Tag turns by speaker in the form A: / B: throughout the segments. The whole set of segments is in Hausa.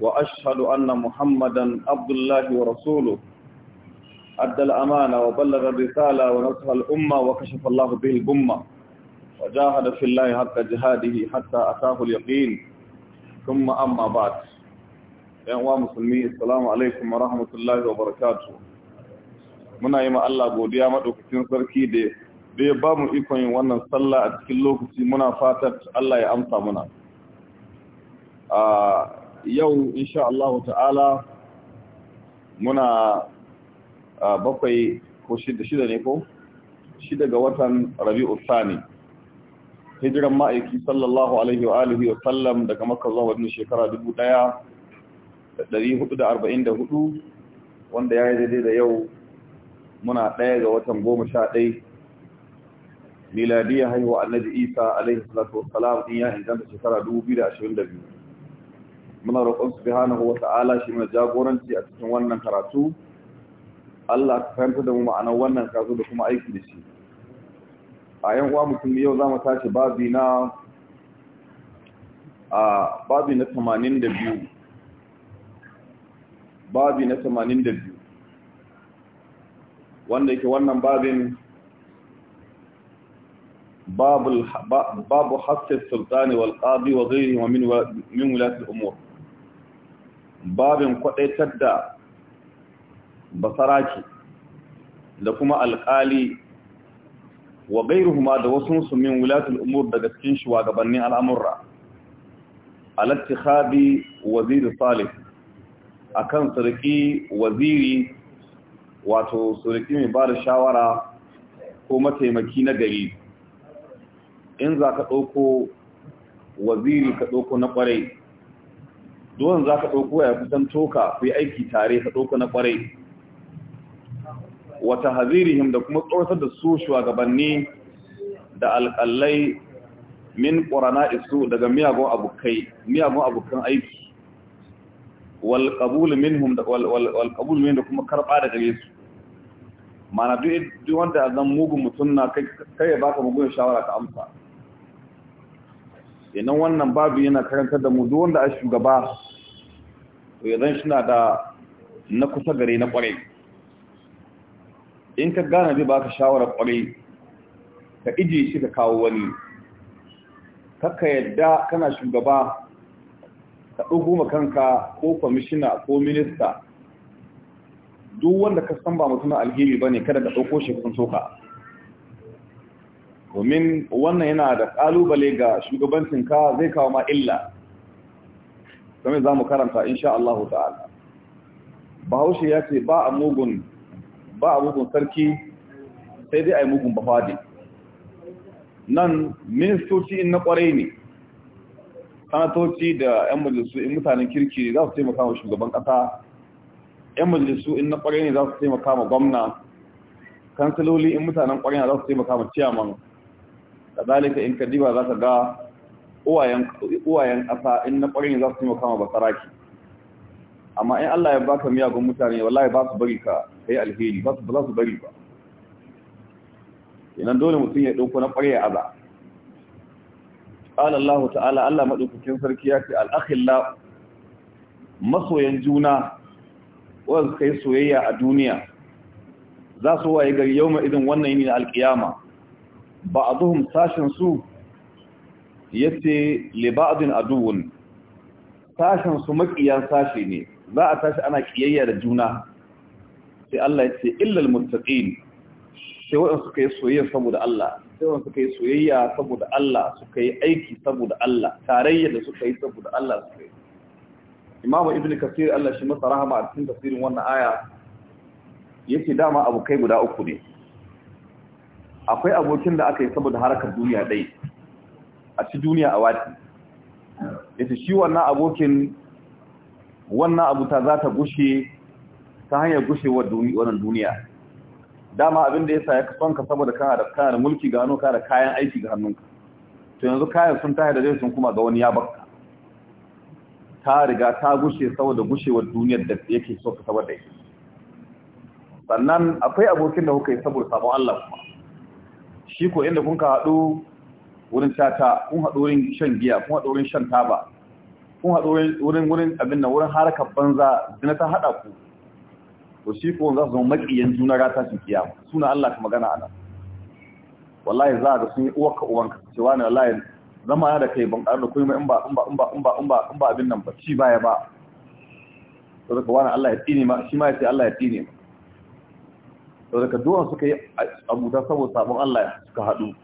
A: وأشهد أن محمدا عبد الله ورسوله أدى الأمانة وبلغ الرسالة ونصح الأمة وكشف الله به الأمة وجاهد في الله حق جهاده حتى أتاه اليقين ثم أما بعد يا مسلمي السلام عليكم ورحمة الله وبركاته muna yi ma Allah godiya madaukakin sarki da da ya ba mu ikon yin wannan sallah a cikin lokaci muna fatar Allah ya amsa muna yau insha Allah ta'ala muna bakwai ko shida shida ne ko shida ga watan Rabi'u Sani hijiran ma'aiki sallallahu alaihi wa alihi wa sallam daga Makka zuwa wannan shekara 1444 wanda ya yi daidai da yau muna ɗaya ga watan goma sha ɗai miladiyya haihuwa annabi isa alaihi salatu salam, in ya inganta shekara 2022 muna roƙon subhanahu wa ta'ala shi mai jagoranci a cikin wannan karatu Allah ka fahimta da mu ma'anar wannan kazo da kuma aiki da shi a yan uwa mutum yau za mu tashi babi na a babi na 82 babi na 82 wanda yake wannan babin babu haske sultani wal qadi wa ghayrihi wa min min wulati babin kwadaitar da basaraki da kuma alkali wa ma da wasu min wulatul umur daga cikin shugabannin al'amurra alattikhabi waziri salih akan Sarki waziri wato Sarki mai ba da shawara ko mataimaki na gari in za ka ɗauko waziri ka ɗauko na ƙwarai duwan za ka ɗauko ya kusan toka ku yi aiki tare ka ɗauko na ƙwarai wata hazirihim da kuma tsoratar da su shugabanni da alƙallai min ƙorana isu daga miyagun abokai miyagun abokan aiki walƙabul da min da kuma karɓa da gare su mana duk wanda zan mugun mutum na kai ya baka mugun shawara ka amsa inan wannan babu yana karantar da mu duk wanda a shugaba to ya zan da na kusa gare na kwarai in ka gane zai baka shawarar kwarai ka ije shi ka kawo wani kakka yadda kana shugaba ka ɗugu kanka ko kwamishina ko minista duk wanda ka san ba mutum alheri ba ne kada ka ɗauko shi kusan soka domin wannan yana da ƙalubale ga shugabancinka zai kawo ma illa kamar za mu karanta insha Allah ta'ala bahaushe ya ce ba a mugun ba a mugun sarki sai dai a yi mugun bafadi nan ministoci in na kwarai ne sanatoci da 'yan majalisu in mutanen kirki za su taimaka wa shugaban kasa 'yan majalisu in na kwarai ne za su taimaka ma gwamna kansiloli in mutanen kwarai za su taimaka ma ciyaman kadalika in kadiba za ka ga uwayen ƙasa in na ƙwarin za su yi taimaka ma basaraki amma in Allah ya baka miyagun mutane wallahi ba su bari ka ka yi alheri ba su ba su bari ba idan dole mutum ya ɗauko na ƙwarya aza qala Allah ta'ala Allah madaukakin sarki ya ce al masoyan juna wanda kai soyayya a duniya za su waye gari yau ma idan wannan yini na alƙiyama. ba a zuhun sashen su ya ce liba'adun aduwun sashen su makiyan sashi ne za a tashi ana kiyayya da juna sai Allah ya ce illal muttaqin sai waɗanda suka yi soyayya saboda Allah sai waɗanda suka yi soyayya saboda Allah suka yi aiki saboda Allah tarayya da suka yi saboda Allah suka yi Imam Ibn Kathir Allah shi masa rahama a cikin tafsirin wannan aya yake dama abokai guda uku ne akwai abokin da aka yi saboda harkar duniya ɗaya a ci duniya a wati yace shi wannan abokin wannan abu ta za ta gushe ta hanyar gushewar wannan duniya dama abin da yasa ya son ka saboda kana da kana da mulki ga hannunka da kayan aiki ga hannunka to yanzu kayan sun tahi da zai sun kuma ga wani ya baka ta riga ta gushe saboda gushewar duniyar da yake so ka saboda yake sannan akwai abokin da kuka yi saboda sabon Allah kuma shi ko inda kun ka haɗu wurin tata kun haɗu wurin shan giya kun haɗu wurin shan taba kun haɗu wurin wurin abin nan wurin haraka banza zina ta haɗa ku to shi ko za su zama maƙiyan juna rata shi kiyama suna Allah ka magana ana wallahi za ga sun yi uwarka uwanka cewa ne wallahi zama na da kai ban ƙarar da kuma in ba in ba in ba in ba in ba in ba abin nan ba ci baya ba to daga wani Allah ya tsine ma shi ma ya ce Allah ya tsine ma to daga duwan suka yi abuta saboda sabon Allah suka haɗu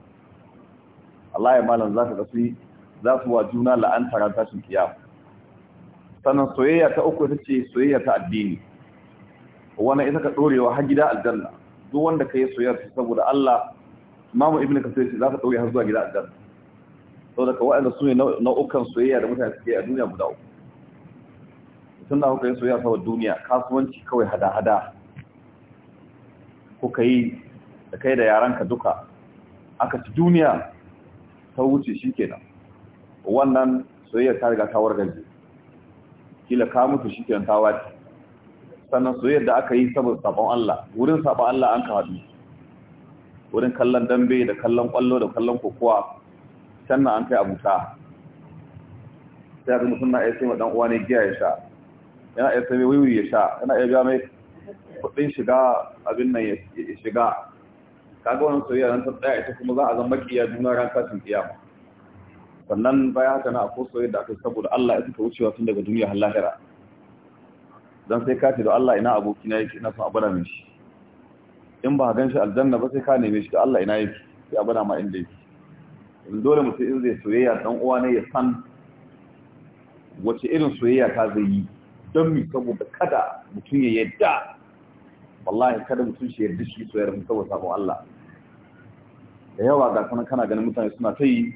A: Allah ya malam za ka ga za su wa juna la'anta ran tashin kiyama sannan soyayya ta uku ita ce soyayya ta addini wani ita ka dorewa har gida aljanna duk wanda ka yi soyayya su saboda Allah mamu ibnu kasir ce za ka dore har zuwa gida aljanna saboda ka wa'anda su ne nau'ukan soyayya da mutane suke a duniya guda uku tun da kuka yi soyayya saboda duniya kasuwanci kawai hada-hada kuka yi da kai da yaranka duka aka ci duniya ta wuce shi kenan wannan soyayya ta riga ta wargaje kila ka mutu shi kenan ta wace sannan soyayya da aka yi saboda sabon Allah wurin sabon Allah an ka haɗu wurin kallon dambe da kallon kwallo da kallon kokowa sannan an kai abuta sai ga mutum na yace ma dan uwa ne giya ya sha yana yace mai wiwi ya sha yana yaga mai kudin shiga abin nan ya shiga kaga wannan soyayya ran ta tsaya ita kuma za a zama makiya juna ran tashin kiyama sannan baya haka na akwai soyayya da aka saboda Allah ita ta wucewa tun daga duniya har lahira dan sai ka ce da Allah ina aboki na yake ina son abada min shi in ba gan shi aljanna ba sai ka neme shi da Allah ina yake sai abada ma inda yake dole mutum in zai soyayya dan uwa ne ya san wace irin soyayya ta zai yi don mi saboda kada mutum ya yadda wallahi kada mutum shi yarda shi soyayya mu saboda sabon Allah da yawa ga kanan kana ganin mutane suna ta yi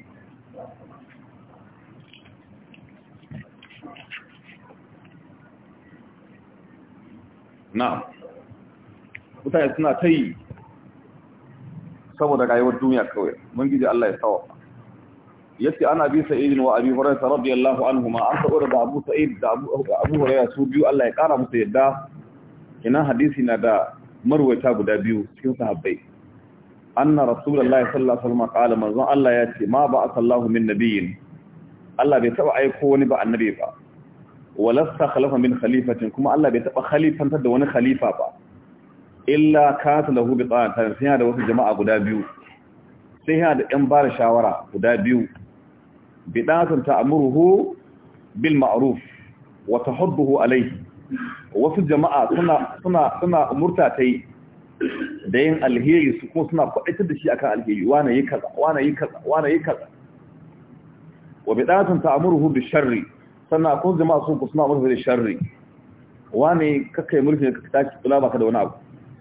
A: na mutane suna ta yi saboda rayuwar duniya kawai mun gidi Allah ya tsawa yace ana bi sa'id wa abi hurairah radiyallahu ma. an sa'ura da abu sa'id da abu abu hurairah su biyu Allah ya kara musu yadda ina hadisi na da marwata guda biyu cikin sahabbai anna rasulullahi sallallahu alaihi wasallam qala manzon Allah ya ce ma ba sallahu min nabiyyin Allah bai taba aiko wani ba annabi ba wala khalafa min khalifatin kuma Allah bai taba khalifantar da wani khalifa ba illa kata lahu bi ta'atan sai da wasu jama'a guda biyu sai ya da yan bara shawara guda biyu bi ta'atan ta'muruhu bil ma'ruf wa tahudduhu alayhi wasu jama'a suna suna suna umurta tai da yin alheri su kuma suna kwaɗaitar da shi akan alheri wane yi kaza wane yi kaza wane yi kaza wa bi ɗatan ta amurhu bi sharri sannan kun zama sun ku suna amurhu da sharri wane kaka yi mulki ka tashi kula baka da wani abu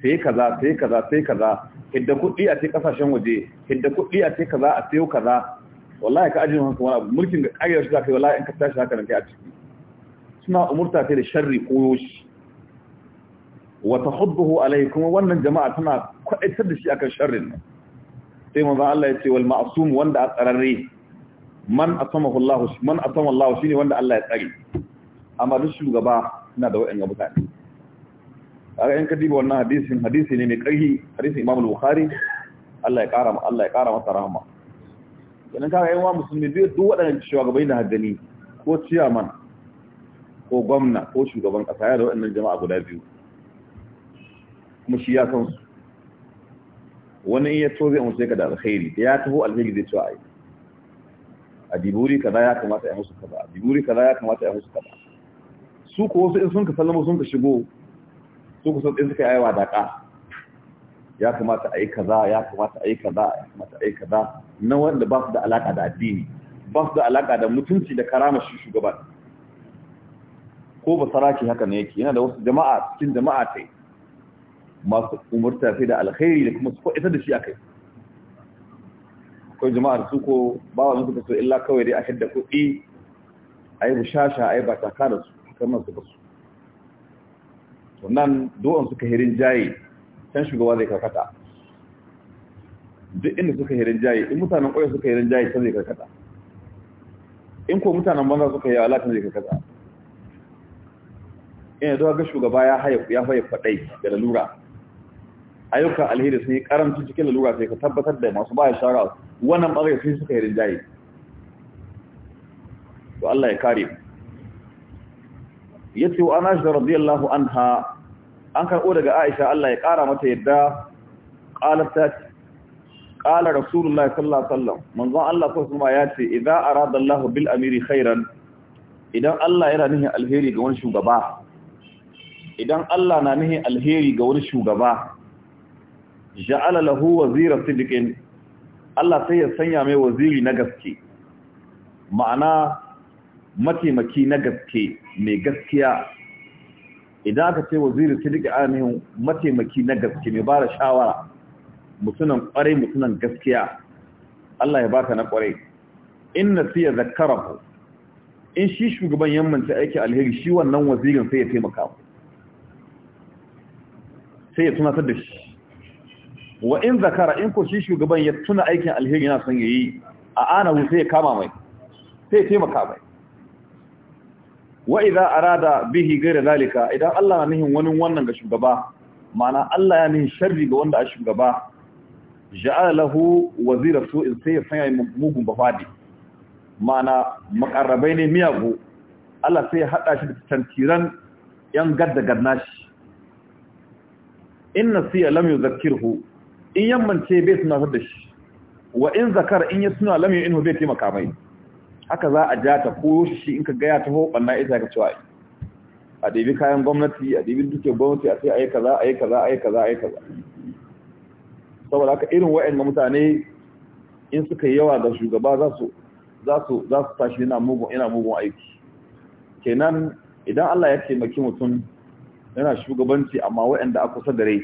A: sai kaza sai kaza sai kaza hidda kuɗi a sai ƙasashen waje hidda kuɗi a sai kaza a sai kaza wallahi ka ajin hanka wani abu mulkin ga ƙayyar shi za ka yi wallahi in ka tashi haka nan kai a ciki suna umurta sai da sharri koyo shi wa ta hudduhu kuma wannan jama'a tana kwa'itar da shi akan sharrin nan sai manzo Allah ya ce wal ma'sum wanda a tsararre man asamahu Allah man asama Allah shine wanda Allah ya tsare amma duk shugaba suna da waɗannan mutane kaga in ka diba wannan hadisin hadisi ne mai ƙarfi hadisin Imam Bukhari Allah ya ƙara Allah ya ƙara masa rahama idan kaga yan wa musulmi duk waɗannan shugabanni da haddani ko ciyaman ko gwamna ko shugaban ƙasa ya da waɗannan jama'a guda biyu kuma shi ya kansu wani iya to zai amsa ka da alkhairi ya taho alkhairi zai cewa ai a diburi kaza ya kamata ya musu kaza a diburi kaza ya kamata ya musu kaza su ko wasu in sun ka sallama sun ka shigo su ku sun ɗin suka yawa daƙa ya kamata a yi kaza ya kamata a yi kaza ya kamata a yi kaza na wanda ba su da alaƙa da addini ba su da alaƙa da mutunci da karama shi shugaban ko ba saraki haka ne yake yana da wasu jama'a cikin jama'a ta yi masu umurta sai da alkhairi da kuma su kwaɗa da shi a kai akwai jama'ar su ko ba wani suka so illa kawai dai a shidda kuɗi a yi bushasha a yi ba taka da su kamar su basu wannan do’on suka hirin jaye can shugaba zai karkata duk inda suka hirin jaye in mutanen ƙwaya suka hirin jaye can zai karkata in ko mutanen banza suka yi alatin zai karkata ina zuwa ga shugaba ya ya faɗai da lura. ayyukan alheri sun yi karanta cikin lalura sai ka tabbatar da masu baya shara wannan ɓarai sun suka yi rinjaye to Allah ya kare Ya ce wa da radiyallahu anha an karɓo daga Aisha Allah ya kara mata yadda qalat ta qala sallallahu alaihi manzon Allah ko kuma ya ce arada Allah bil amiri khairan idan Allah yana nihin alheri ga wani shugaba idan Allah na nihin alheri ga wani shugaba ja'ala lahu wazira sidiqin Allah sai ya sanya mai waziri na gaske ma'ana mataimaki na gaske mai gaskiya idan aka ce waziri sidiqi ainihin mataimaki na gaske mai bada shawara mutunan kwarai mutunan gaskiya Allah ya baka na kwarai in zakkara ku in shi shugaban yammanta aiki alheri shi wannan wazirin sai ya taimaka sai ya tunatar da shi wa in zakara in ko shi shugaban ya tuna aikin alheri yana son yayi a ana sai ya kama mai sai ya taimaka mai wa idza arada bihi ghayra zalika idan Allah na nihin wani wannan ga shugaba ma'ana Allah ya nihin sharri ga wanda a shugaba ja'ala lahu wazira su'in sai ya sanya mugun bafadi ma'ana makarrabai ne miyagu Allah sai ya hada shi da tantiran yan gaddagar nashi in siya lam yuzakkirhu in yammance bai suna da shi wa in zakar in ya tuna lamin inhu bai taimaka mai haka za a ja ta ko shi in ka gaya ta ho banna ita ka cewa a ɗabi kayan gwamnati a ɗabi dukkan gwamnati a sai a yi kaza a yi kaza a yi kaza a yi kaza saboda haka irin wa'annan mutane in suka yi yawa ga shugaba za su za su za su tashi yana mugun yana mugun aiki kenan idan Allah ya taimaki mutum yana shugabanci amma wa'anda a kusa da rai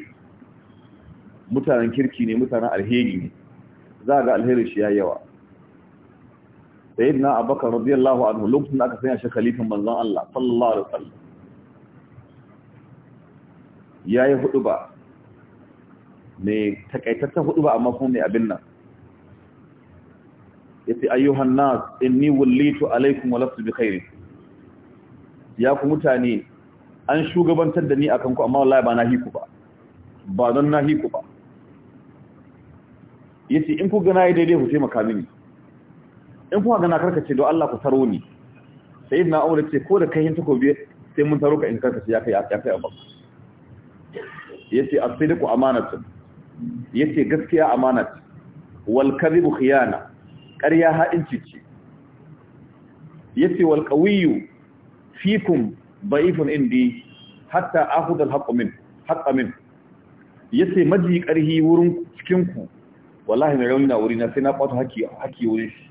A: mutanen kirki ne mutanen alheri ne za ga alheri shi ya yawa sayyidina abubakar radiyallahu anhu lokacin da aka sanya shi Khalifin manzon Allah sallallahu alaihi wasallam yayi hudu ba ne takaitaccen hudu ba amma kuma mai abin nan yace ayyuhan nas inni wallitu alaikum wa lastu bi khair ya ku mutane an shugabantar da ni akan ku amma wallahi ba na hiku ba ba don na hiku ba yace in ku gana yi daidai ku taimaka mini in ku gana karkace don Allah ku taro ni sayyidina Umar ce ko da kai takobi sai mun taro ka in karkace ya kai ya kai abba yace as-sidqu amanatun yace gaskiya amanat wal kadhibu khiyana ƙarya ha'inci ce yace wal qawiyyu fikum da'ifun indi hatta akhudha al ya min haqqa min yace maji ƙarhi wurin cikin ku wallahi mai rauni na wuri na sai na kwato haki wuri shi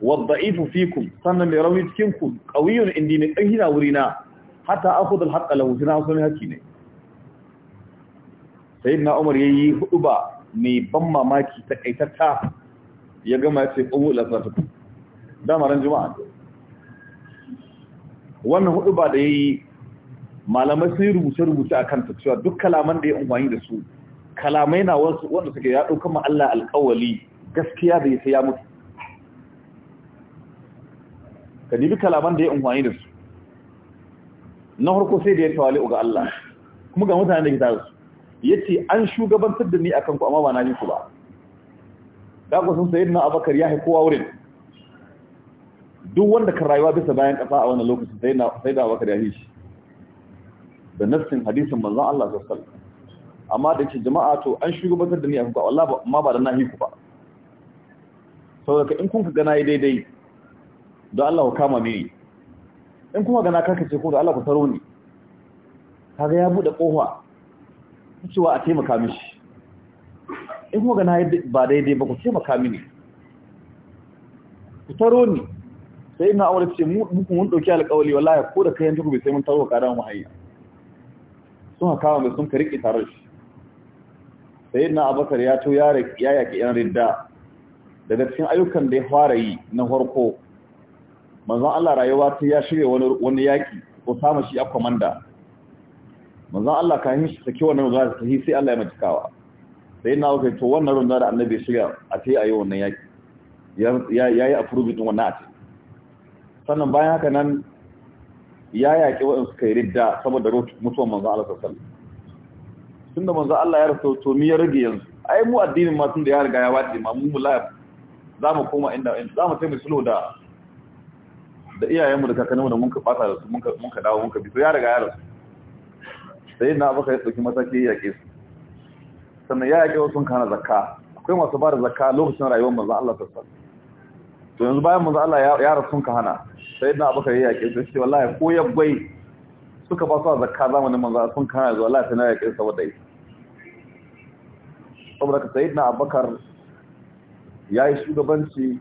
A: wadda ifu fikun sannan mai rauni cikin ku ƙauyun indi mai ƙarfi na wuri na hata aku da haƙa lahutu na hasu haki ne sai na umar ya yi hudu ba mai ban mamaki ta ƙaitata ya gama ya ce ƙubu lasar dama ran juma'a wannan hudu ba da ya yi malamai sun yi rubuce-rubuce a kanta cewa duk kalaman da ya umarni da su kalamai na wanda suke ya ɗauka ma'alla Allah alƙawali gaskiya da ya sai ya mutu ka dibi kalaman da ya amfani da su na harko sai da ya tawali ga Allah kuma ga mutane da ke tare su ya ce an shugabantar da ni a kanku amma ba na yi su ba daga sun sayi na abakar ya haikowa wurin duk wanda kan rayuwa bisa bayan ƙasa a wani lokacin sai da abakar ya shi da nassin hadisin manzan Allah sosai amma da ke jama'a to an shugabantar da ni a kuka Allah ma ba da na hiku ba saboda in kun ka gana yi daidai don Allah ku kama mini in kuma gana ce ko da Allah ku taro ni kaga ya bude kofa cewa a taimaka mishi in kuma gana ba daidai ba ku taimaka mini ku taro ni sai ina aure ce muku mun dauki alƙawali wallahi ko da kai duk bai sai mun taro ka da mu sun haka mai sun ka riƙe tare shi na abakar ya to ya yaƙi yan ridda daga cikin ayyukan da ya fara yi na farko manzon Allah rayuwa ta ya shirya wani wani ko samu shi a komanda manzon Allah ka yi shi saki wannan ruwa ta sai Allah ya sai na abakar to wannan ruwa da annabi shirya a tayi ayi wannan yaƙi ya yi approve din wannan ace sannan bayan haka nan ya yaƙi waɗansu kai ridda saboda mutuwan manzon Allah sallallahu alaihi wasallam tun da manzo Allah ya rasu to mi ya rage yanzu ai mu addinin ma tun da ya riga ya wace ma mu mulaya za mu koma inda za mu taimaki sulhu da da iyayenmu da kakanninmu da mun ka fata da su mun ka mun ka dawo mun ka bi to ya riga ya rasu sai na baka ya dauki mataki ya yake su sannan ya yake wasu kana zakka akwai masu ba da zakka lokacin rayuwar manzo Allah ta sallallahu to yanzu bayan manzo Allah ya rasu sun ka hana sai na baka ya yake su shi wallahi ko ya gwai suka ba su a zakka zamanin manzo sun kana zuwa Allah ta naya kin saboda yi saboda ka abakar Abubakar yi shugabanci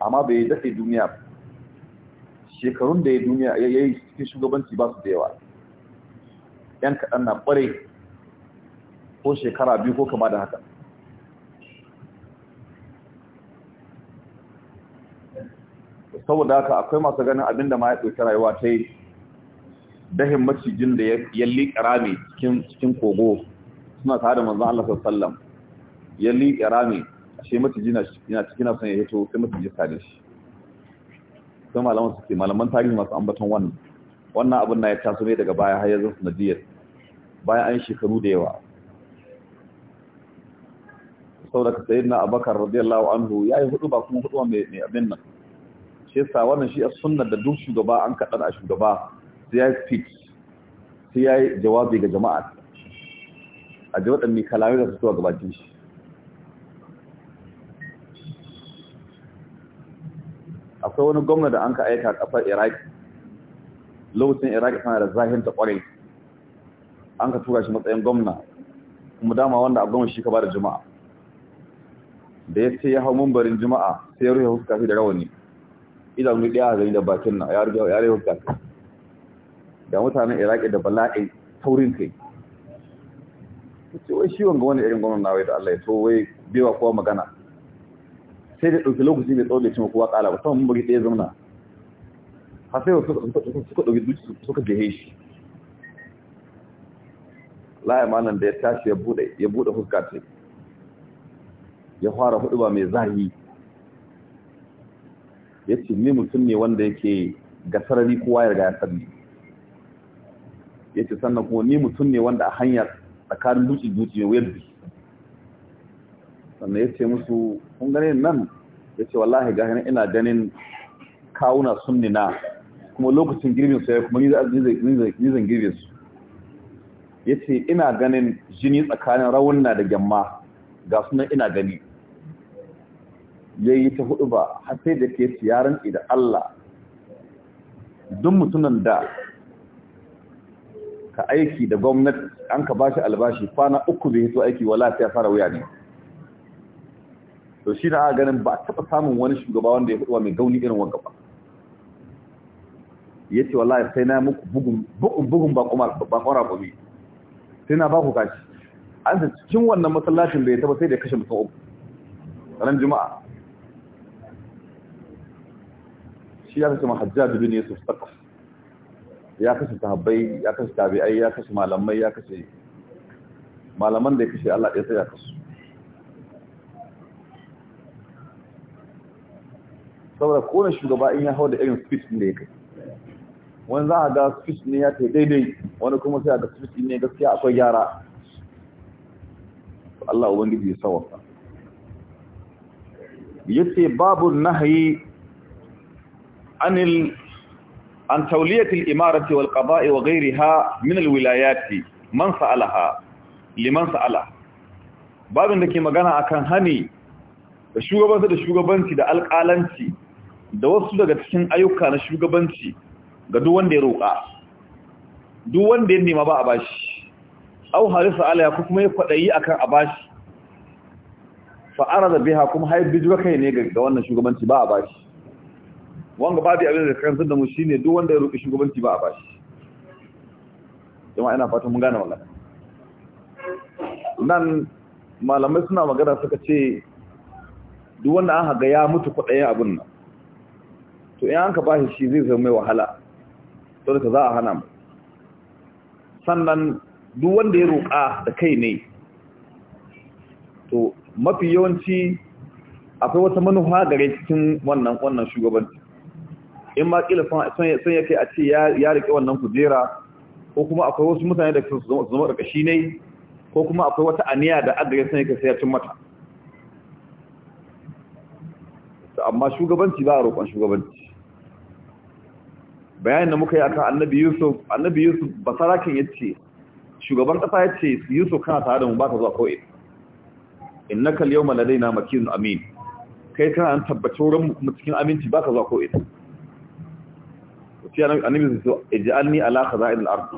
A: amma bai dade duniya shekarun da ya duniya ya yi cikin shugabanci ba su da yawa yan kaɗan na ɓare, ko shekara biyu ko kama da haka saboda haka akwai masu ganin abinda ma ya ɗauki rayuwa ta yi dahin macijin da ya liƙa rami cikin kogo suna tare da manzan Allah sallam ya liƙa rami a shi maciji na cikin asan ya hito sai maciji tare shi sai malaman suke malaman tarihi masu ambaton wannan wannan abin na ya taso ne daga baya har na jiyar bayan an shekaru da yawa da ka sayi na abakar radiyallahu anhu ya yi hudu ba kuma hudu mai abin nan shi yasa wannan shi a sunnar da duk shugaba an kaɗar a shugaba sai ya speech sai ya yi jawabi ga jama'a a ji waɗanne kalamai da su zuwa gabatin shi akwai wani gwamna da an ka aika a ƙasar iraki lokacin iraki sana da zahin ta ƙwarai an ka tura shi matsayin gwamna kuma dama wanda a gwamna shi ka ba da juma'a da ya ce ya hau mambarin juma'a sai ya rufe fi da rawani idan mai ɗaya a gani da bakin na ya rufe huskafi da mutanen iraki da bala'in taurin kai ce wai shi wanga wani irin gwamnan wai da Allah ya so wai biwa kowa magana sai da ɗauki lokaci mai tsawon da cin kowa ƙala ba mun bari ɗaya zauna har sai suka ɗauki duk suka jehe shi laye malam da ya tashi ya buɗe ya buɗe fuska ce ya fara hudu ba mai zahi ya ce ni mutum ne wanda yake ga sarari kowa ya riga ya sarari ya sannan kuma ni mutum ne wanda a hanyar tsakanin dutse-dutse mai wuyar bi sannan ya ce musu kun gane nan ya ce wallahi gani ina ganin kawuna sunni na kuma lokacin girbin su ya kuma nizan girbin su ya ce ina ganin jini tsakanin rawunna da gyamma ga sunan ina gani ya yi ta hudu ba har sai da ke yaran idan Allah duk mutumin da ka aiki da gwamnati an ka bashi albashi fana uku bai hito aiki wala sai ya fara wuya ne to shi na aka ganin ba a taɓa samun wani shugaba wanda ya fito mai gauni irin wanka ba ya ce wallahi sai na muku bugun bugun ba kuma ba kwara ba sai na ba ku kashi an ta cikin wannan masallacin bai taba sai da kashe mutum uku ran juma'a shi ya ce mahajjaji bin yusuf sakafu ya kashe sahabbai ya kashe tabi'ai ya kashe malamai ya kashe malaman da ya kashe Allah ɗaya tsaya ya saboda kone shugaba in ya hau da irin speech ne ya kai wani za a ga speech ne ya ta daidai wani kuma sai a ga speech ne gaskiya akwai gyara Allah ubangiji ya sawaka yace babu nahyi anil an tauliyatul imarati wal qada'i wa ghayriha min al wilayati man sa'alaha liman sa'ala babin da ke magana akan hani da shugabanci da shugabanci da alƙalanci da wasu daga cikin ayyuka na shugabanci ga duk wanda ya roƙa duk wanda ya nema ba a bashi aw harisa alaya ko kuma ya kwadayi akan a bashi fa arada biha kuma haibbi kai ne ga wannan shugabanci ba a bashi wanga da abin da karantar da mu shine duk wanda ya roki shugabanci ba a bashi jama'a ina fatan mun gane wannan nan malamai suna magana suka ce duk wanda an haga ya mutu kudayen abin nan to in an ka bashi shi zai zama mai wahala to da za a hana mu sannan duk wanda ya roƙa da kai ne to mafi yawanci akwai wata manufa gare cikin wannan wannan shugabanci in ma kila son yake a ce ya rike wannan kujera ko kuma akwai wasu mutane da su zama ƙarƙashi ne ko kuma akwai wata aniya da ya son yake sayacin mata amma shugabanci ba a roƙon shugabanci bayanin da muka yi akan annabi yusuf annabi yusuf basarakin ya ce shugaban ƙasa ya ce yusuf kana tare da mu ba ka zuwa ko'e innaka al-yawma na makinun amin kai kana an tabbacin wurinmu mu cikin aminci ba ka zuwa ko'e shi annabi su ij'alni ala khaza'il al-ard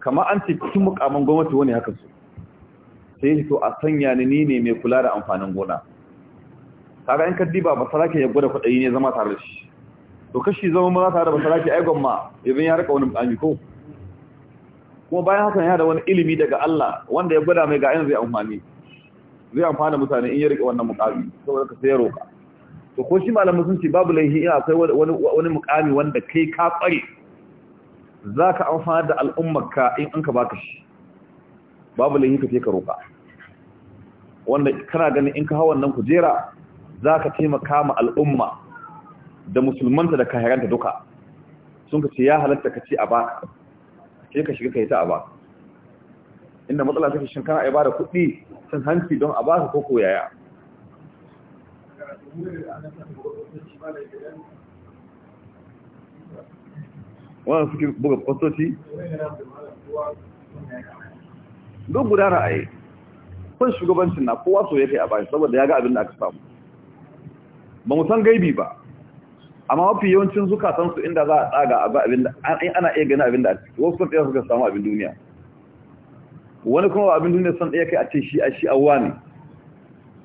A: kama an ce cikin mukamin gwamnati wani haka su sai to a sanya ni ni ne mai kula da amfanin gona kaga in kaddi ba sarake ya gwada kudayi ne zama tare da shi to kashi zama ma tare da sarake ai gwamma idan ya rika wani mukami ko kuma bayan hakan ya da wani ilimi daga Allah wanda ya gwada mai ga yanzu zai amfani zai amfana mutane in ya rike wannan mukami saboda ka sai ya roka to ko shi malamin sun ce babu laihi in akwai wani wani mukami wanda kai ka kware zaka amfana da al'ummarka in an ka baka shi babu laihi kace ka roka wanda kana ganin in ka hawa wannan kujera zaka taimaka ma al'umma da musulmanta da kahiranta duka sun ka ce ya halatta ka ce a baka kace ka shiga kai ta a baka inda matsala take shin kana ibada kuɗi sun hanci don a baka ko koyaya wannan suke buga kwastoci don guda ra'ayi kun shugabancin na kowa so ya kai a bashi saboda ya ga abin da aka samu ba mu san gaibi ba amma mafi yawancin zukatansu inda za a tsaga abin da ana iya gani abin da a ciki wasu sun ɗaya suka samu abin duniya wani kuma abin duniya sun ɗaya kai a ce shi a shi a ne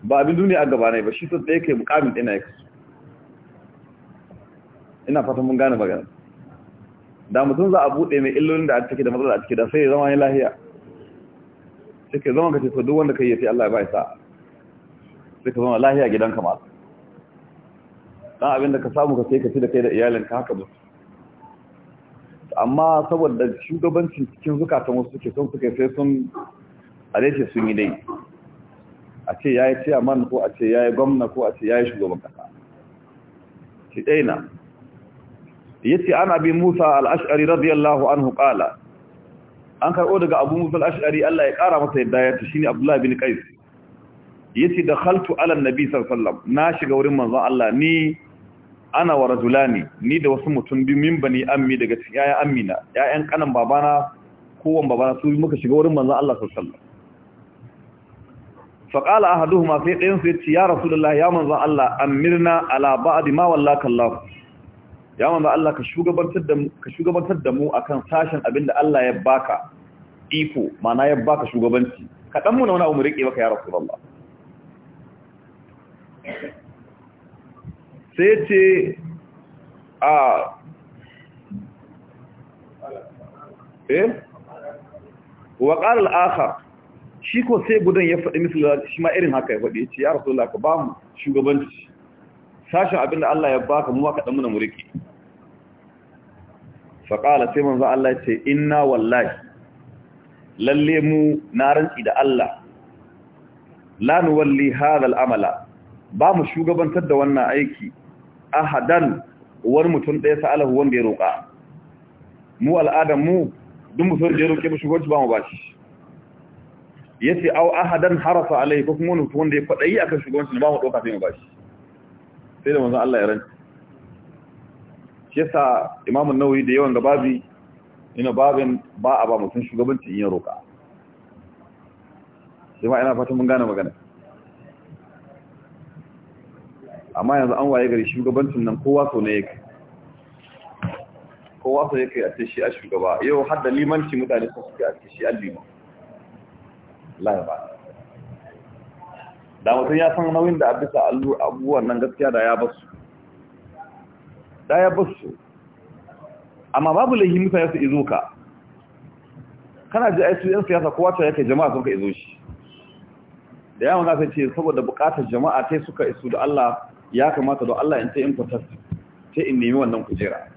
A: ba abin duniya a gaba ba shi sosai yake mukamin ɗina ya kasu ina fatan mun gane magana da mutum za a buɗe mai illolin da a cike da matsala a cike da sai ya zama ya lahiya sai ka zama ka ce duk wanda ka yi sai Allah ya bai sa sai ka zama lahiya gidan ka ma dan abin da ka samu ka sai ka ci da kai da iyalin ka haka mutu amma saboda shugabancin cikin zukatan wasu suke son suke sai sun a sun yi dai a ce ya yi ciyaman ko a ce ya yi gwamna ko a ce ya yi shugaban kasa shi ɗaina ya ce ana bi musa al'ashari radiyallahu anhu ƙala an karɓo daga abu musa al'ashari allah ya ƙara masa yadda ya ta shi ne abdullahi bin ƙais ya ce da haltu alan nabi sarsallam na shiga wurin manzan allah ni ana wa rajulani ni da wasu mutum biyu min bani ammi daga cikin amina ƴaƴan ƙanan babana kowan babana su muka shiga wurin manzan allah sarsallam faƙala a haduhu masu yi ɗayansu ya ce ya rasulullah ya manzan Allah amirna ala ba'adi ma wallaka Allah ya manzan Allah ka shugabantar da mu akan sashen abin da Allah ya baka iko mana ya baka shugabanci ka ɗan na wani abu mu riƙe baka ya rasu da Allah. sai ce a eh wa ƙarar al'akar shi ko sai gudan ya faɗi misali shi ma irin haka ya faɗi ya ce ya rasu ka ba mu shugabanci sashen abin da Allah ya baka mu ka ɗan muna muriki faƙala sai manzan Allah ya ce 'Ina wallahi lalle mu na rantsi da Allah la nuwalli halal al'amala ba mu shugabantar da wannan aiki hadan wani mutum ɗaya sa'alahu wanda ya roƙa mu al'adar mu duk mutum da ya roƙe mu shugabanci ba mu ba shi yace aw ahadan harafa alai ko kuma wani wanda ya kwadayi akan shugabancin ba mu doka sai mu bashi sai da manzon Allah ya rance shi yasa Imam an-Nawawi da yawan gababi ina babin ba a ba mutum shugabanci in ya roka sai ma ina fatan mun gane magana amma yanzu an waye gari shugabancin nan kowa so ne yake kowa so yake a ce shi a shugaba yau har da limanci mutane su suke a ce shi a liman Allah ba da mutum ya san nauyin da abisa abubuwan nan gaskiya da ya basu da ya basu amma babu laihi ya su izo ka kana ji ai yin yan siyasa kowa ta yake jama'a sun ka izo shi da yawon za ce saboda bukatar jama'a ta suka isu da Allah ya kamata da Allah in ta in kwatar ta in nemi wannan kujera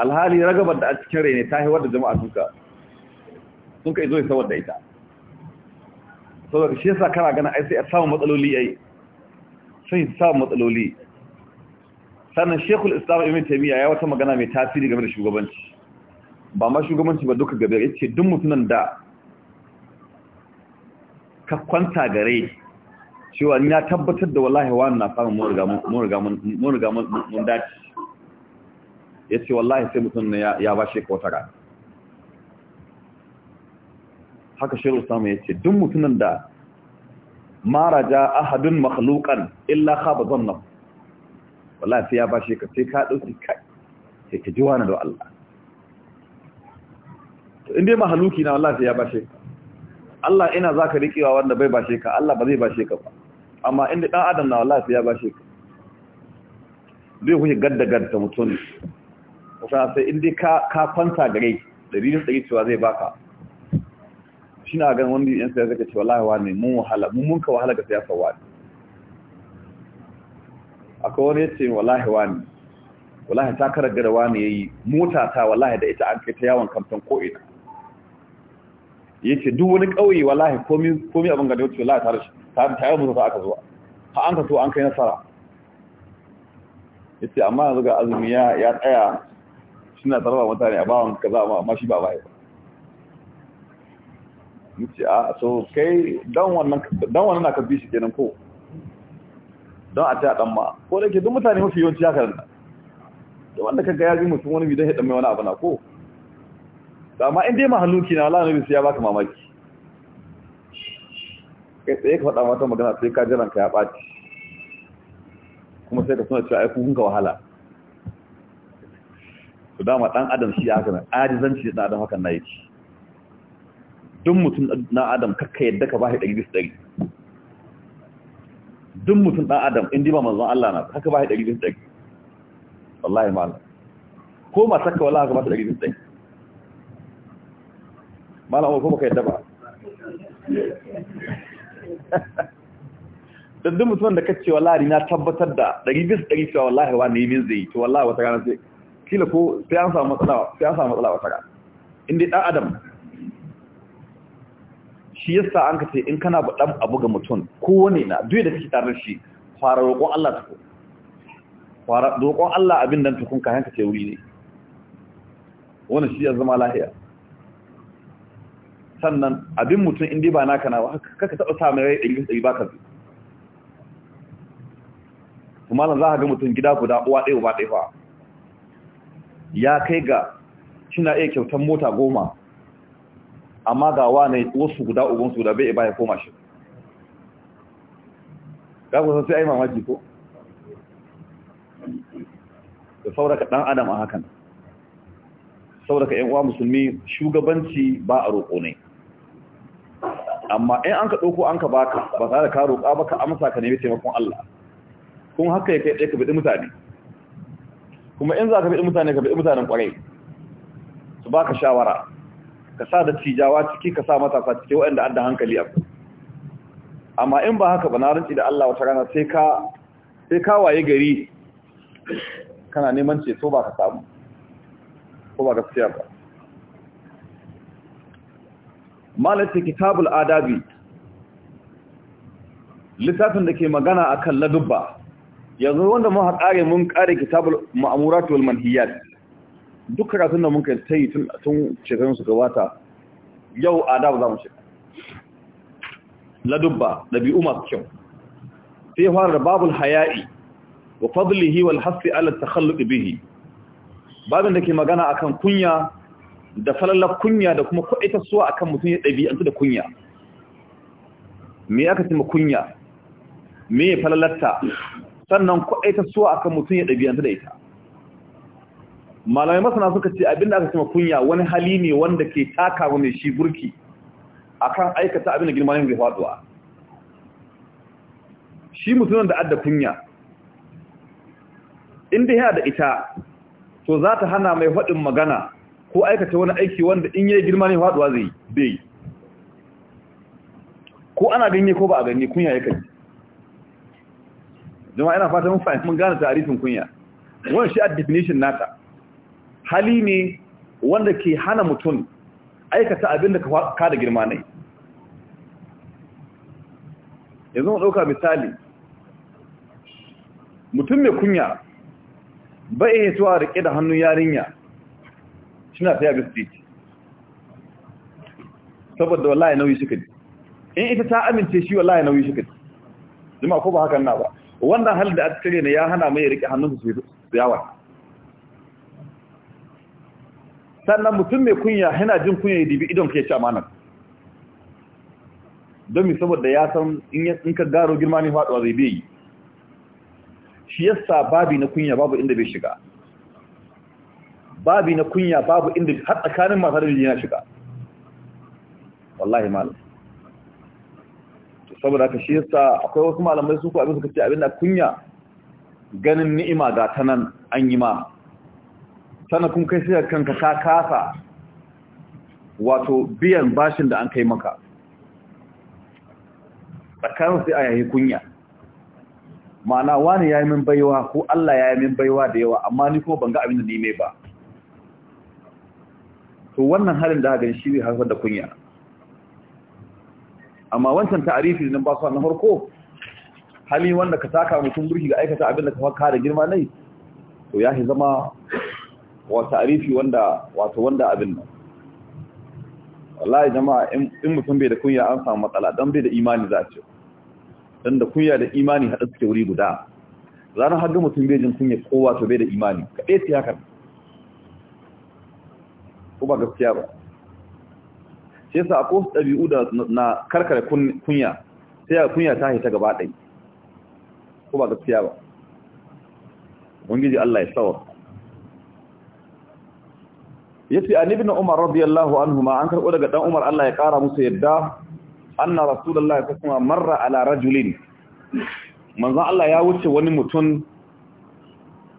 A: alhali ragabar da a cikin rai ne ta hewar da jama'a suka sun kai zo ya sawar da ita saboda shi yasa kana gana ai sai a samu matsaloli ai sai samun matsaloli sannan shekul islam ibn taymiya ya wata magana mai tasiri game da shugabanci ba ma shugabanci ba duka gabe yace duk mutunan da ka kwanta gare cewa ni na tabbatar da wallahi wani na samun mun riga mun dace ya ce wallahi sai mutum ya ba shi ka wata rana haka shiru samu ya ce duk mutumin da mara ja ahadun makhlukan illa khaba zanna wallahi sai ya bashi ka sai ka dauki kai sai ka ji wani da Allah to inde mahaluki na wallahi sai ya bashi Allah ina zaka rikewa wanda bai bashi ka Allah ba zai bashi ka ba amma inda dan adam na wallahi sai ya bashi ka zai kuke gadda gadda mutum kusa sai inda ka ka kwanta gare dalilin tsari cewa zai baka shi na ganin wani yan siyasa ka ce wallahi wani mun wahala mun mun ka wahala ga siyasa wani akwai wani ya ce wallahi wani wallahi ta karaga wani ya yi mota ta wallahi da ita an kai ta yawon kamfan ko'ina ya ce duk wani ƙauye wallahi komi abin gada wuce wallahi tare ta yi mutu ta aka zuwa ha an ka so an kai nasara yace amma yanzu ga azumi ya tsaya suna tarba mutane a bawan kaza amma shi ba ba ya ba yace a so kai dan wannan dan wannan aka bi shi kenan ko don a ta dan ma ko da ke duk mutane mafi yawanci haka nan da wanda kaga ya ji mutum wani bidan ya dan mai wani abu na ko amma in dai mahalluki na Allah nabi sai ya baka mamaki kai tsaye ka fada mata magana sai ka jiran ka ya baci kuma sai ka suna cewa ai kun ka wahala To dama ɗan adam shi haka nan ajizanci ɗan adam hakan na yi. duk mutum na adam kakka yadda ka bashi ɗari bisa ɗari duk mutum ɗan adam in ba manzon Allah na haka bashi ɗari bisa ɗari wallahi malam ko ma saka wallahi haka bashi ɗari bisa ɗari malam ko baka yadda ba da duk mutum da kace wallahi na tabbatar da ɗari bisa ɗari cewa wallahi wa ne min zai to wallahi wata rana sai kila ko sai an samu matsala sai an samu matsala wata rana in ɗan adam shi yasa an kace in kana ba dan abu ga mutum kowane na duk da kake tare shi fara roƙon Allah ta fara roƙon Allah abin dan tukun hanka ce wuri ne wannan shi ya zama lahiya sannan abin mutum in dai ba naka na ba kaka taba sa mai rai ɗari ɗari ba ka bi kuma nan za ka ga mutum gida guda uwa ɗaya uba ɗaya fa ya kai ga kina iya kyautar mota goma amma ga wane wasu guda su da bai ba ya koma shi ga kusan sai ai mamaki ko da sauraka dan adam a hakan sauraka yan uwa musulmi shugabanci ba a roƙo ne amma in an ka ɗauko an ka baka ba tare da ka roƙa ba ka amsa ka nemi taimakon Allah kun haka ya kai ɗaya ka biɗi mutane kuma in za ka biɗi mutane ka biɗi mutanen ƙwarai su baka shawara ka sa da cijawa ciki ka sa matasa ciki waɗanda adda hankali a amma in ba haka ba na rinci da Allah wata rana sai ka waye gari kana neman ceto ba ka samu ko ba gaskiya ba malaka kitabul adabi littafin da ke magana akan ladubba yanzu wanda mun haƙare mun ƙare kitabul ma'amurat wal manhiyat duk karatun da muka ta yi tun shekarun su gabata yau adab za mu shiga ladubba ɗabi'u masu kyau sai ya fara da babul haya'i wa fadlihi wal hasi ala takhalluq bihi babin da ke magana akan kunya da falalar kunya da kuma kwaita suwa akan mutum ya ɗabi'antu da kunya me aka ce kunya me ya falalarta sannan kwaita suwa akan mutum ya ɗabi'antu da ita malamai masana suka ce abinda aka cima kunya wani hali ne wanda ke taka wa mai shi burki akan aikata abinda girma ne mai faduwa shi mutumin da adda kunya inda yana da ita to za ta hana mai faɗin magana ko aikata wani aiki wanda in yi girma ne faduwa zai yi ko ana ganye ko ba a ganye kunya ya kai jama'a ina fata mun fahimci mun gane tarihin kunya wannan shi a definition nata hali ne wanda ke hana mutum aikata abin da ka da girma ne yanzu mu ɗauka misali mutum mai kunya bai iya tuwa riƙe da hannun yarinya suna fiye yabi titi saboda wallahi nauyi shi kaji in ita ta amince shi wallahi nauyi shi kaji zama ko ba hakan na ba wannan halin da aka kare ne ya hana mai riƙe hannun su yawa sannan mutum mai kunya yana jin kunya ya dibi idon ka ya ci amanar don mi saboda ya san in ka garo girma ne faɗuwa zai bai shi yasa babi na kunya babu inda bai shiga babi na kunya babu inda har tsakanin masu da yana shiga wallahi malam saboda ka shi yasa akwai wasu malamai su ku abin suka ce abin da kunya ganin ni'ima ga ta nan an yi ma sannan kuma kai sai kanka ka kasa wato biyan bashin da an kai maka tsakanin sai a yayi kunya ma'ana wani ya yi min baiwa ko Allah ya yi min baiwa da yawa amma ni ko ban ga abin da ni mai ba to wannan halin da hagan shi ne haifar da kunya amma wancan ta'arifi nan ba su na farko hali wanda ka taka mutum burki ga aikata abin da ka fara da girma nai to ya zama wa ta'rifi wanda wato wanda abin nan wallahi jama'a in mutum bai da kunya an samu matsala dan bai da imani za ce dan da kunya da imani hada suke wuri guda ranar ga mutum bai jin kunya kowa to bai da imani kaɗai sai haka kuma gaskiya ba sai sa ko su ɗabi'u da na karkar kunya sai ya kunya ta haita gaba ɗai kuma gaskiya ba wangiji Allah ya tsawar yace an ibn umar radiyallahu ma an karbo daga dan umar Allah ya kara musu yadda anna rasulullahi sallallahu alaihi marra ala rajulin manzo Allah ya wuce wani mutum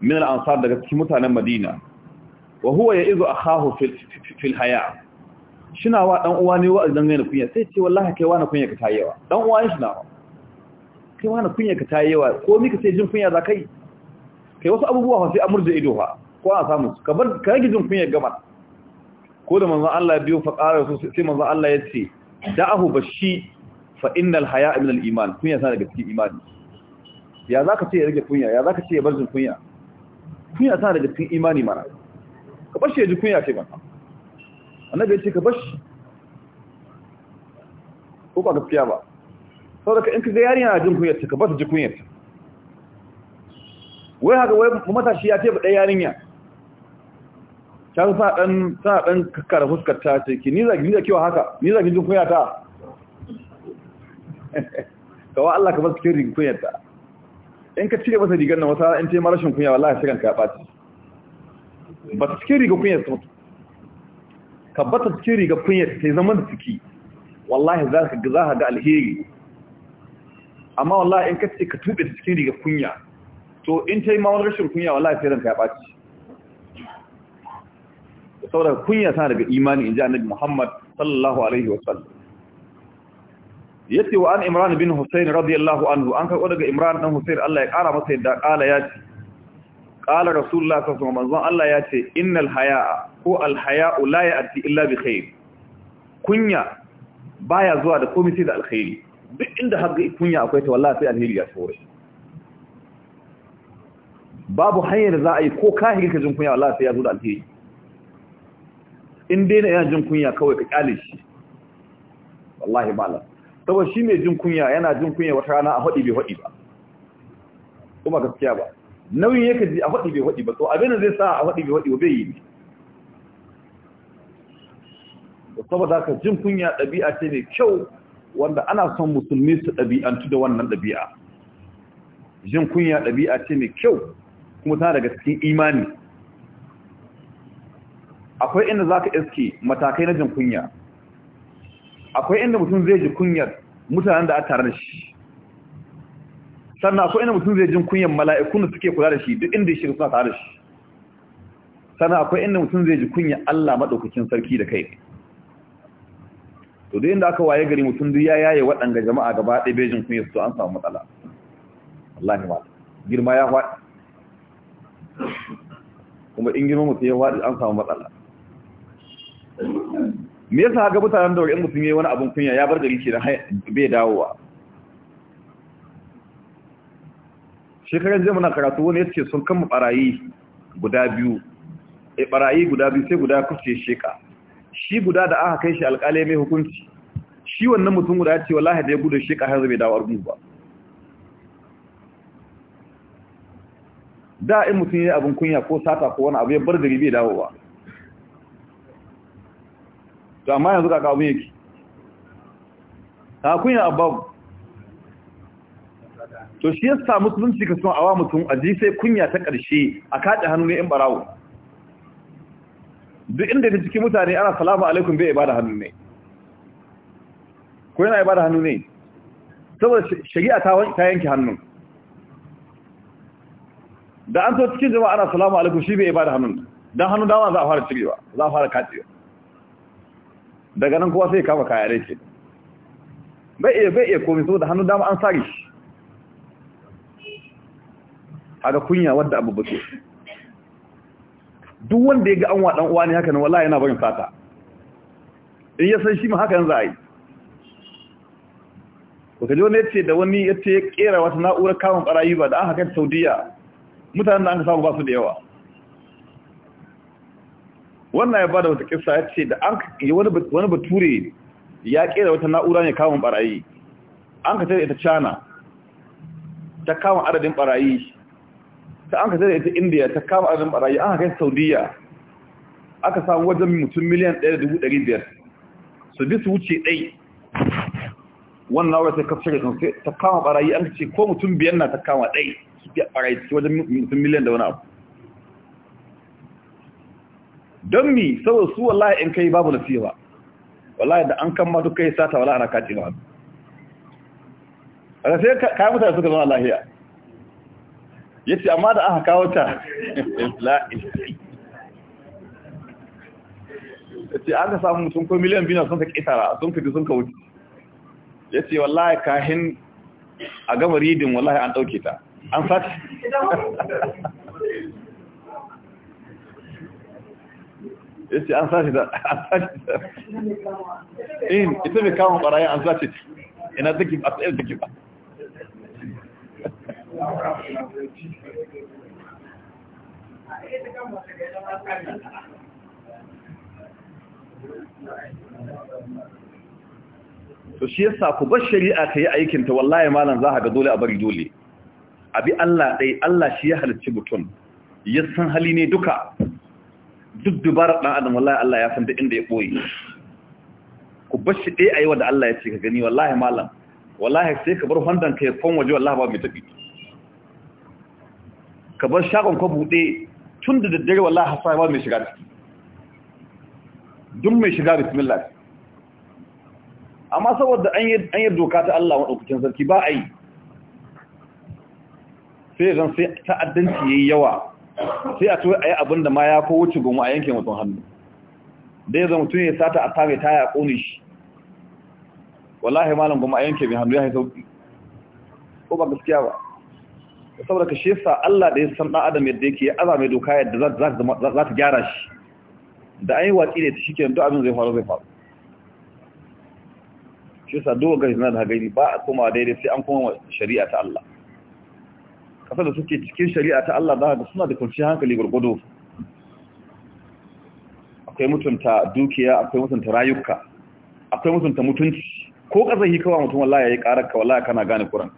A: min al-ansar daga cikin mutanen Madina wa huwa ya'izu akahu fil fil haya shina wa dan uwa ne dan gane kunya sai ce wallahi kai wani kunya ka tayewa dan uwa ne shina kai wani kunya ka tayewa ko mika sai jin kunya za kai kai wasu abubuwa fa sai amurje ido fa ko a samu ka bar ka rage jin kunya gaba ko da manzon Allah biyo fa ƙara su sai manzon Allah ya ce da'ahu bashi fa innal haya'a min al-iman kunya sa daga cikin imani ya zaka ce ya rage kunya ya zaka ce ya bar jin kunya kunya sa daga cikin imani mara ka bashi ya ji kunya ce ba annabi ya ce ka bashi ko ba gaskiya ba saboda in ka ga yarinya jin kunya ce ka bashi ji kunya wai haka wai matashi ya ce ba ɗaya yarinya ta sa dan sa dan kakkara fuskar ta ce ki ni zagi da kewa haka ni zagi jin kunya ta kawa Allah ka bar cikin rigin kunyar ta in ka cire masa rigar nan wasa in ce mara shin kunya wallahi sai kan ka baci ba ta cikin rigar kunyata ta ka ba ta cikin rigar kunyar ta zama da ciki wallahi za ka ga ga alheri amma wallahi in ka ce ka tube ta cikin rigar kunya to in ta yi ma wani rashin kunya wallahi sai ranka ya baci saboda kunya tana daga imani inji annabi Muhammad sallallahu alaihi wasallam yace wa an Imran bin Husayn radiyallahu anhu an kai daga Imran dan Husayn Allah ya ƙara masa yadda kala ya ce ƙala Rasulullah sallallahu alaihi wasallam Allah ya ce innal haya'a ko al haya'u la ya'ti illa bi khair kunya baya zuwa da komai sai da alkhairi duk inda haka kunya akwai ta wallahi sai alheri ya tsore babu hanyar za a yi ko kahirin ka jin kunya wallahi sai ya zo da alheri in dai na yana jin kunya kawai ka kyale shi wallahi malam saboda shi mai jin kunya yana jin kunya wata rana a hadi bai hadi ba kuma gaskiya ba nauyin yake ji a hadi bai hadi ba to abin da zai sa a hadi bai hadi bai yi saboda ka jin kunya ɗabi'a ce mai kyau wanda ana son musulmi su ɗabi'antu da wannan ɗabi'a jin kunya ɗabi'a ce mai kyau kuma ta daga cikin imani akwai inda za ka iske matakai na jin kunya akwai inda mutum zai ji kunyar mutanen da a tare da shi sannan akwai inda mutum zai jin kunyar mala'ikun da suke kula da shi duk inda ya shiga suna tare da shi sannan akwai inda mutum zai ji kunyar Allah maɗaukakin sarki da kai to duk inda aka waye gari mutum duk ya yaye waɗanga jama'a gaba ɗaya bejin kunyar su an samu matsala wallahi ma girma ya faɗi kuma in girma mutum ya faɗi an samu matsala me yasa ga mutanen da in mutum yayi wani abun kunya ya bar gari ke da bai dawowa shekaran jiya muna karatu wani yace sun kama barayi guda biyu eh barayi guda biyu sai guda kuce sheka shi guda da aka kai shi alƙalai mai hukunci shi wannan mutum guda ya ce wallahi da ya gudu sheka har zai dawo argun ba da in mutum yayi abun kunya ko sata ko wani abu ya bar gari bai dawowa to amma yanzu kaka abun yake ta kunya abab to shi yasa musulunci ka son awa mutum a ji sai kunya ta ƙarshe a kaɗe hannu ne in barawo duk inda ta cikin mutane ana salamu alaikum bai ibada hannu ne ko yana ibada hannu ne saboda shari'a ta yanke hannun da an so cikin jama'a ana salamu alaikum shi bai ibada hannun dan hannu dama za a fara cirewa za a fara kacewa daga nan kowa sai kama kayare ce bai iya bai iya komi saboda hannu dama an sari shi haka kunya wadda abu bake duk wanda ya ga an waɗan uwa ne haka nan wallahi yana barin sata in ya san shi ma haka za a yi wata ji ya ce da wani ya ce ya kera wata na'urar kamun ɓarayi ba da an haka saudiya mutanen da an ka samu ba su da yawa wannan ya ba da wata kisa ya ce da an wani bature ya kera wata na'ura ne kawon barayi an ka tsaye ita china ta kawon adadin barayi ta an ka tsaye ita india ta kawon adadin barayi an kai saudiya aka samu wajen mutum miliyan 1,500 su bi su wuce ɗai wannan na'ura sai kafin shirya ta kawon barayi an ka ce ko mutum biyan na ta kawon ɗai su biya barayi wajen mutum miliyan da wani abu don mi saboda su wallahi in kai babu nasiya ba wallahi da an kan ma kai sata wallahi ana kaci ba a sai kayan mutane suka zama lahiya ya ce amma da aka kawo ta ya ce aka samu mutum ko miliyan biyu na sun ka kitara sun ka sun ka wuce ya ce wallahi kahin a gama ridin wallahi an ɗauke ta an sati ya ce an sashi da in eh, ita mai kama ɓarayen an sashi ina take ba tsayar take ba to shi yasa ku bar shari'a ta yi aikinta wallahi malam za ka ga dole a bari dole abi Allah ɗai Allah shi ya halicci mutum ya san hali ne duka duk dubarar ɗan adam wallahi Allah ya san da inda ya ɓoye ku bashi ɗaya a yi wanda Allah ya ce ka gani wallahi malam wallahi sai ka bar wandon ka ya kwan waje wallahi ba mai tafi ka bar shagon ka buɗe tun da daddare wallahi hasa ba mai shiga ciki dun mai shiga bismillah amma saboda an yi doka ta Allah maɗaukacin sarki ba a yi sai zan sai ta'addanci ya yi yawa sai a tuwa a yi abin da ma ya ko wuce goma a yanke mutum hannu da ya zama mutum ya sata a same ta ya ƙone shi wallahi malam goma a yanke mai hannu ya haifar ko ba gaskiya ba saboda ka shi sa Allah da ya san ɗan adam yadda yake ya azame doka yadda za ta gyara shi da an yi watsi da ta shi kenan duk abin zai faru zai faru shi sa duk ga da hagari ba a koma daidai sai an koma shari'a ta Allah kasar da suke cikin shari'a ta Allah zaka suna da kwanciyar hankali gurgudu akwai mutunta dukiya akwai mutunta rayuka akwai mutunta mutunci ko kazahi kawa mutum wallahi yayi karar wallahi kana gane kuran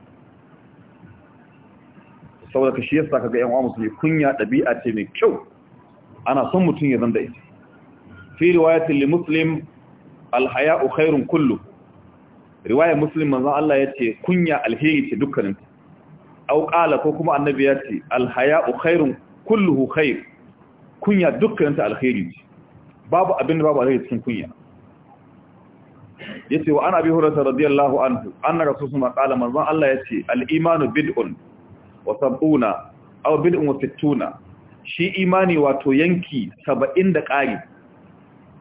A: saboda ka shiyasa yasa kaga yan uwa musulmi kunya dabi'a ce mai kyau ana son mutum ya zanda ita fi riwayatin li muslim al haya'u khairun kullu riwaya muslim manzo Allah yace kunya alheri ce dukkanin Auƙala qala ko kuma annabi ya ce al haya'u khairun kulluhu khair kunya dukkaninta alkhairi babu abin da babu alkhairi cikin kunya yace wa ana bi hurairah radiyallahu anhu anna rasulullah qala manzon Allah yace al-imanu bid'un wa sab'una aw bid'un wa sittuna shi imani wato yanki 70 da ƙari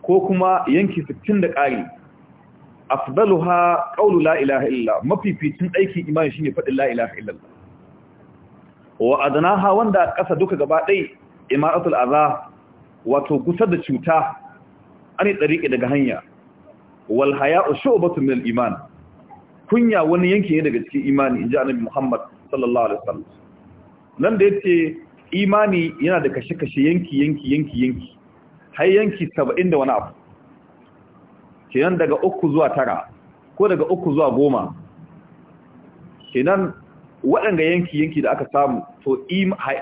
A: ko kuma yanki 60 da ƙari afdaluha qawlu la ilaha illa mafificin aikin imani shine fadin la ilaha illallah wa adnaha wanda ƙasa duka gaba ɗai imaratul adha wato gusar da cuta an ɗariƙe daga hanya wal haya'u shu'batun min iman kunya wani yanki ne daga cikin imani inji annabi Muhammad sallallahu alaihi wasallam nan da yace imani yana da kashe-kashe yanki yanki yanki yanki har yanki 70 da wani abu kenan daga uku zuwa tara ko daga uku zuwa goma kenan waɗanda yanki-yanki da aka samu to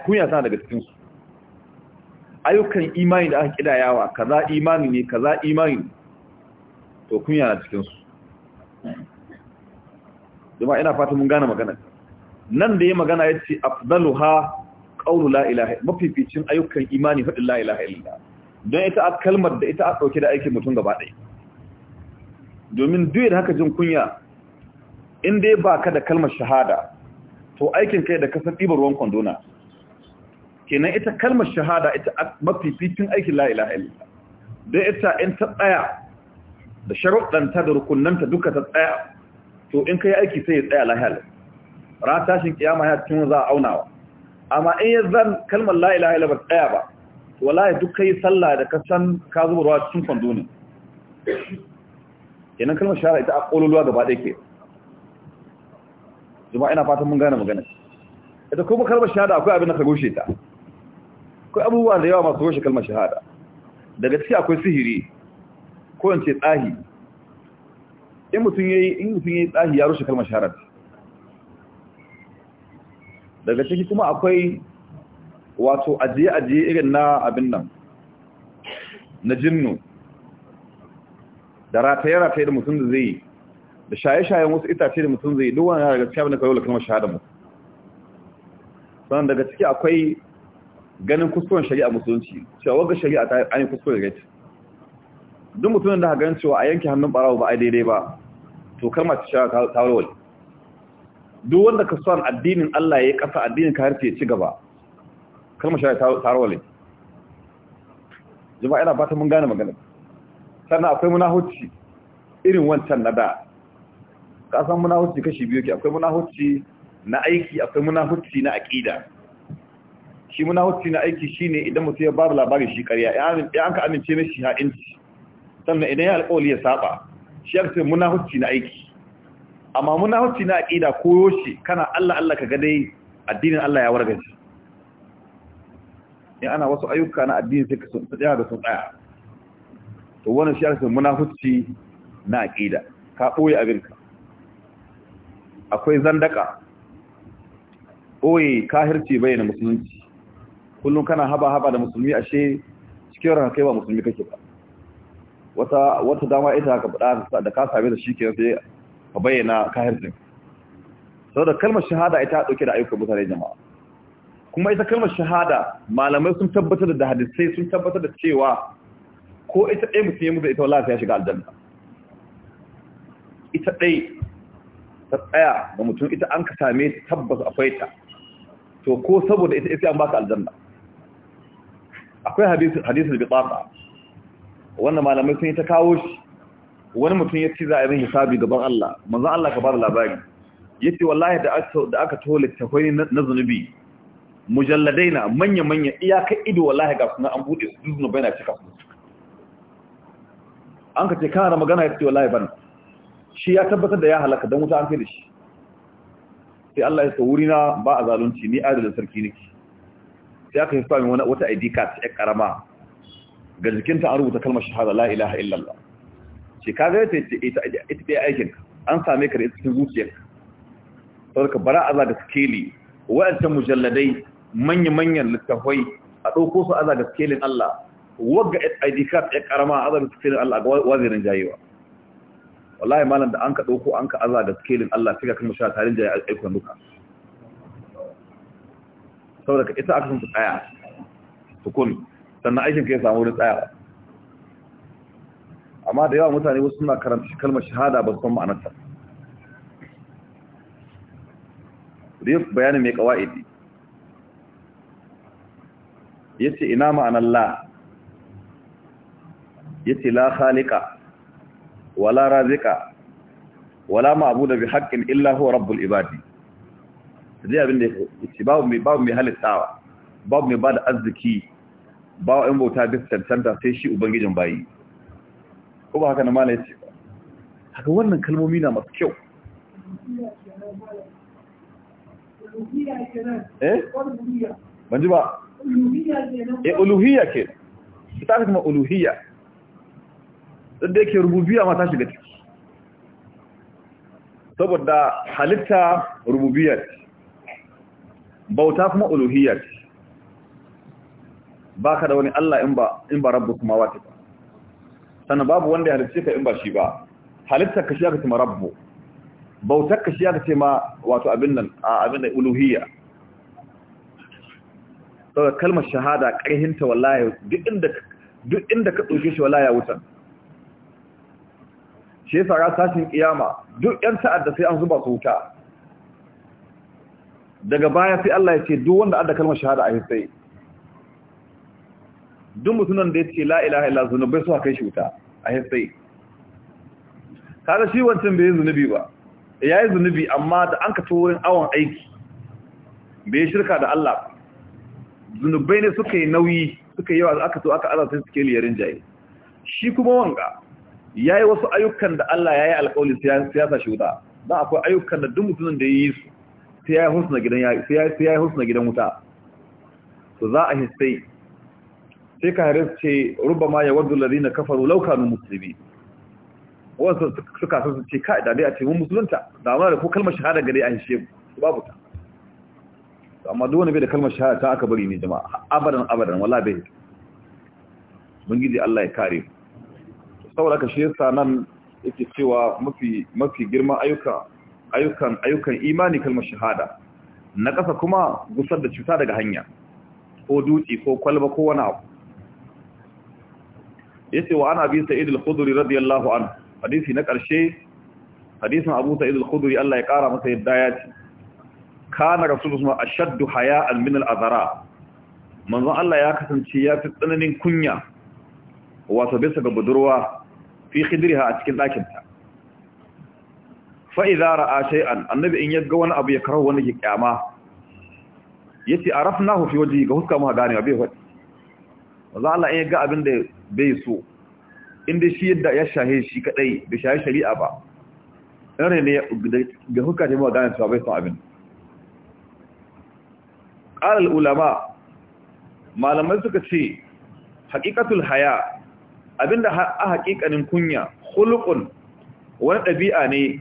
A: kunya sana daga cikinsu ayyukan imani da aka ka za imani ne ka za imani to kunya na cikinsu zama ina fata mun gane magana nan da ya magana ya ce afdalu ha ƙaunu la'ilaha mafificin ayyukan imani haɗin la'ilaha ilaha don ita a kalmar da ita a ɗauke da aikin mutum gaba ɗaya domin duk da haka jin kunya in dai ba ka da kalmar shahada to aikin kai da kasar ɗibar ruwan kwandona kenan ita kalmar shahada ita mafificin aikin la'ila illallah don ita in ta tsaya da sharuɗanta da rukunanta duka ta tsaya to in ka yi aiki sai ya tsaya lahiyar ran tashin kiyama ya cikin za a aunawa amma in yi zan kalmar la'ila illallah ba tsaya ba to wallahi duk kai sallah da kasan ka zuba cikin kwando kenan kalmar shahada ita a ƙololuwa gaba ɗaya ke jama'a ina fatan mun gane magana ita kuma kalmar shahada akwai abin da ka goshe ta akwai abubuwa da yawa masu goshe kalmar shahada daga ciki akwai sihiri ko in ce tsahi in mutum yayi in yayi tsahi ya rushe kalmar shahada daga ciki kuma akwai wato ajiye ajiye irin na abin nan na jinnu da rataye rataye da mutum da zai yi da shaye-shayen wasu itace da mutum zai duwa na daga cikin abin da kayo da kalmar shahada mu sannan daga ciki akwai ganin kuskuren shari'a musulunci cewa wadda shari'a ta an yi kuskuren gate duk mutumin da hagan cewa a yanke hannun barawo ba a daidai ba to kalmar ta shara ta warware duk wanda ka son addinin Allah ya yi ƙasa addinin ka harfe ci gaba kalmar shara ta warware jama'a ina fata mun gane magana sannan akwai munahuci irin wancan na da kasan munahuci kashi biyu ke akwai munahuci na aiki akwai munahuci na aƙida shi munahuci na aiki shine idan mutum ya bada labari shi ƙarya ya an ka amince na shi ha'inci sannan idan ya alƙawali ya saba shi ya ce munahuci na aiki amma munahuci na aƙida ko yoshi kana Allah Allah ka ga dai addinin Allah ya wargaje in ana wasu ayyuka na addini sai ka sun tsaya da sun tsaya to wannan shi ya ce munahuci na aƙida ka ɓoye abinka akwai zandaka oye kahirci bai na musulunci kullum kana haba-haba da musulmi ashe cikin ranka kai ba musulmi kake ba wata wata dama ita ka bada da ka same da shi ke sai ka bayyana kahircin saboda kalmar shahada ita dauke da ayyukan mutane jama'a kuma ita kalmar shahada malamai sun tabbatar da hadisai sun tabbatar da cewa ko ita ɗaya mutum ya mutu ita wallahi ya shiga aljanna ita ɗaya ta tsaya ga mutum ita an ka same tabbas akwai ta to ko saboda ita ita an baka aljanna akwai hadisi hadisul bitaqa wannan malamai sun yi ta kawo shi wani mutum ya ci za a yi hisabi gaban Allah manzon Allah ka ba da labari yace wallahi da aka da aka tole takwai na zunubi mujalladaina manya manya iyaka ido wallahi ga sunan an bude su zunubai na cika an ka ce kana magana yace wallahi ban shi ya tabbatar da ya halaka don wuta an fi da shi sai Allah ya tsawuri na ba a zalunci ni da sarki niki sai aka hifa min wata ID card ya karama ga jikinta an rubuta kalmar shahada la ilaha illallah ce kaga yace ita ita ɗaya aikin an same ka da ita cikin zuciyarka saboda bara aza da skeli wa'ancan mujalladai manya-manyan littafai a ɗauko su aza da skelin Allah wagga ID card ya karama aza da skelin Allah ga wazirin jayewa wallahi malam da an ka ɗauko an ka azza da skelin Allah sai ka kan sha tarin jaya aikon duka saboda ka ita aka sun tsaya tukun sannan aikin ka ya samu wurin tsayawa amma da yawa mutane wasu suna karanta kalmar shahada ba su san ma'anarta rif bayanin mai kawa'idi yace ina ma'anar la yace la khaliqa wala razika wala ma'budu bi haqqin illa huwa rabbul ibadi dai abin da yake babu mai babu mai halittawa babu mai bada azziki babu in bauta da tantanta sai shi ubangijin bayi ko ba haka na mala yace haka wannan kalmomi na masu kyau eh ban ji ba eh uluhiyya ke ita kuma uluhiyya duk da yake rububiya ma ta shiga ciki saboda halitta rububiya ce bauta kuma uluhiyya ce ba ka da wani Allah in ba rabbu kuma wata ba sannan babu wanda ya halitta ka in ba shi ba halitta ka shi aka ce ma rabbu bautar ka shi aka ce ma wato abin nan abin da uluhiyya saboda kalmar shahada ƙarhinta wallahi duk inda ka ɗauke shi wallahi ya wutan shi yasa ra tashin kiyama duk yan da sai an zuba su wuta daga baya sai Allah ya ce duk wanda adda kalmar shahada a sai duk mutunan da ya ce la ilaha illa zunubai su kai shi wuta a sai kaga shi wancan bai yi zunubi ba ya yi zunubi amma da an ka wurin awon aiki bai shirka da Allah zunubai ne suka yi nauyi suka yi yawa aka so aka sai suke liyarin jaye shi kuma wanga Ya yi wasu ayyukan da Allah ya yi alƙawli siyasa shi wuta dan akwai ayyukan da duk mutumin da yi su sai ya yi gidan husna gidan wuta su za a hissai sai ka haris ce ma ya waddu na kafaru law musulmi muslimin su suka su ce kai da a ce mun musulunta da amma da ko kalmar shahada gare a hishe su babu ta amma duk wani bai da kalmar shahada ta aka bari ne jama'a abadan abadan wala bai mun gidi Allah ya kare mu saboda ka shi yasa nan yake cewa mafi mafi girman ayyuka ayyukan ayyukan imani kalmar shahada na ƙasa kuma gusar da cuta daga hanya ko duci ko kwalba ko wani abu yace wa ana bi sa'id al-khudri radiyallahu anhu hadisi na ƙarshe hadisin abu sa'id al-khudri Allah ya ƙara masa yadda ya ce kana rasulullah ashaddu haya'an min al-azara manzon Allah ya kasance ya fi tsananin kunya wato bisa ga budurwa fi khidriha a cikin dakin ta fa idza ra'a shay'an annabi in yaga wani abu ya karahu wani kiyama yace arafnahu fi wajhi ga huska mu gane abai wadi wanda Allah in yaga abin da bai so inda shi yadda ya shahe shi kadai bai shahe shari'a ba ɗare ne ga huska ta mu gane sabai bai abin qala al ulama malamai suka ce haqiqatul haya abinda a haƙiƙanin kunya hulukun wani ɗabi'a ne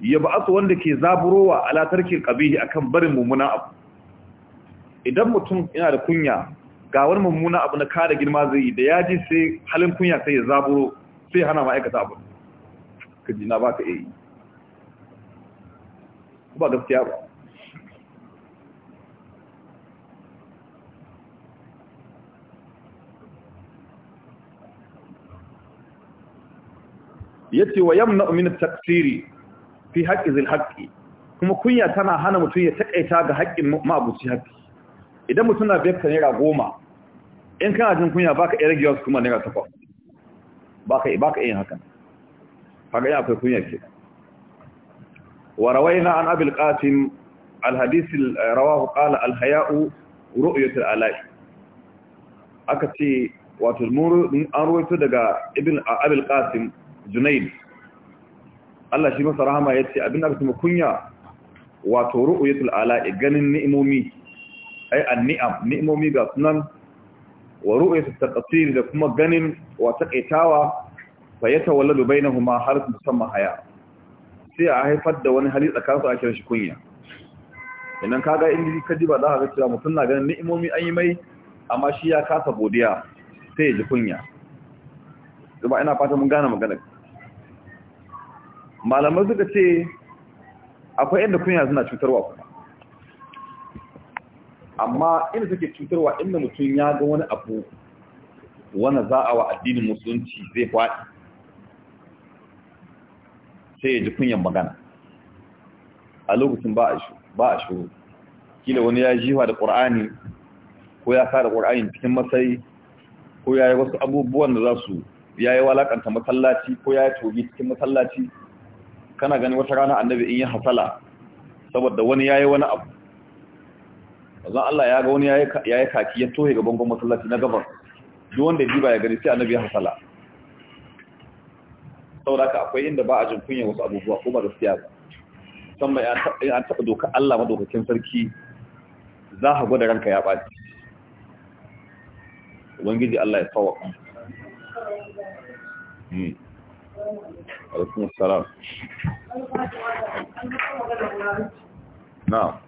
A: ya su wanda ke zaburowa ala ƙabihi a akan barin mummuna abu idan mutum yana da kunya ga wani mummuna abu na kada girma zai yi da ya ji sai halin kunya sai ya zaburo sai hana ma'aikata abu ka ji na ba ka iya yi ba gaskiya ba yace wa yamna min at-taqsiri fi haqqi zil haqqi kuma kunya tana hana mutum ya takaita ga haƙƙin mabuci haƙƙi idan mutum na biyar ka naira goma in kana jin kunya baka iya rage wasu kuma naira takwas baka baka yin hakan kaga akwai kunya ke wa rawaina an abil qasim al hadith eh, rawahu qala al haya'u al alai aka ce wato an ruwaito daga ibn abil qasim junaid Allah shi masa rahama ya ce abin da kuma kunya wato ru'uyatul ala'i ganin ni'imomi ai an-ni'am ni'imomi ga sunan wa ru'yatul taqsir da kuma ganin wa taqaitawa fa yatawalladu bainahuma har musamma haya sai a haifar da wani hali tsakanin su a kiran shi kunya idan kaga in ka ba za ka ga cewa mutum na ganin ni'imomi an yi mai amma shi ya kasa godiya sai ya ji kunya. Zuba ina fata mun gane magana. malamai suka ce akwai inda kunya suna cutarwa kuma amma inda suke cutarwa inda mutum ya ga wani abu wani za a wa addinin musulunci zai faɗi sai ya ji kunyan magana a lokacin ba a shuru kila wani ya jiwa da ƙur'ani ko ya da ƙur'ani cikin matsayi ko ya yi wasu abubuwan da za su ya yi walakanta masallaci ko ya yi tobi cikin masallaci kana gani wata rana annabi in yi hasala saboda wani yayi wani abu azan Allah ya ga wani yayi yi kaki ya tohe gaban bangon masallaci na gabar duk wanda ya jiba ya gani sai annabi ya hasala saboda ka akwai inda ba a jin kunya wasu abubuwa ko ba gaskiya ba musamman an taɓa doka Allah madaukakin sarki za ka gwada ranka ya ɓaci ubangiji Allah ya tsawaka hmm. alaikun salam na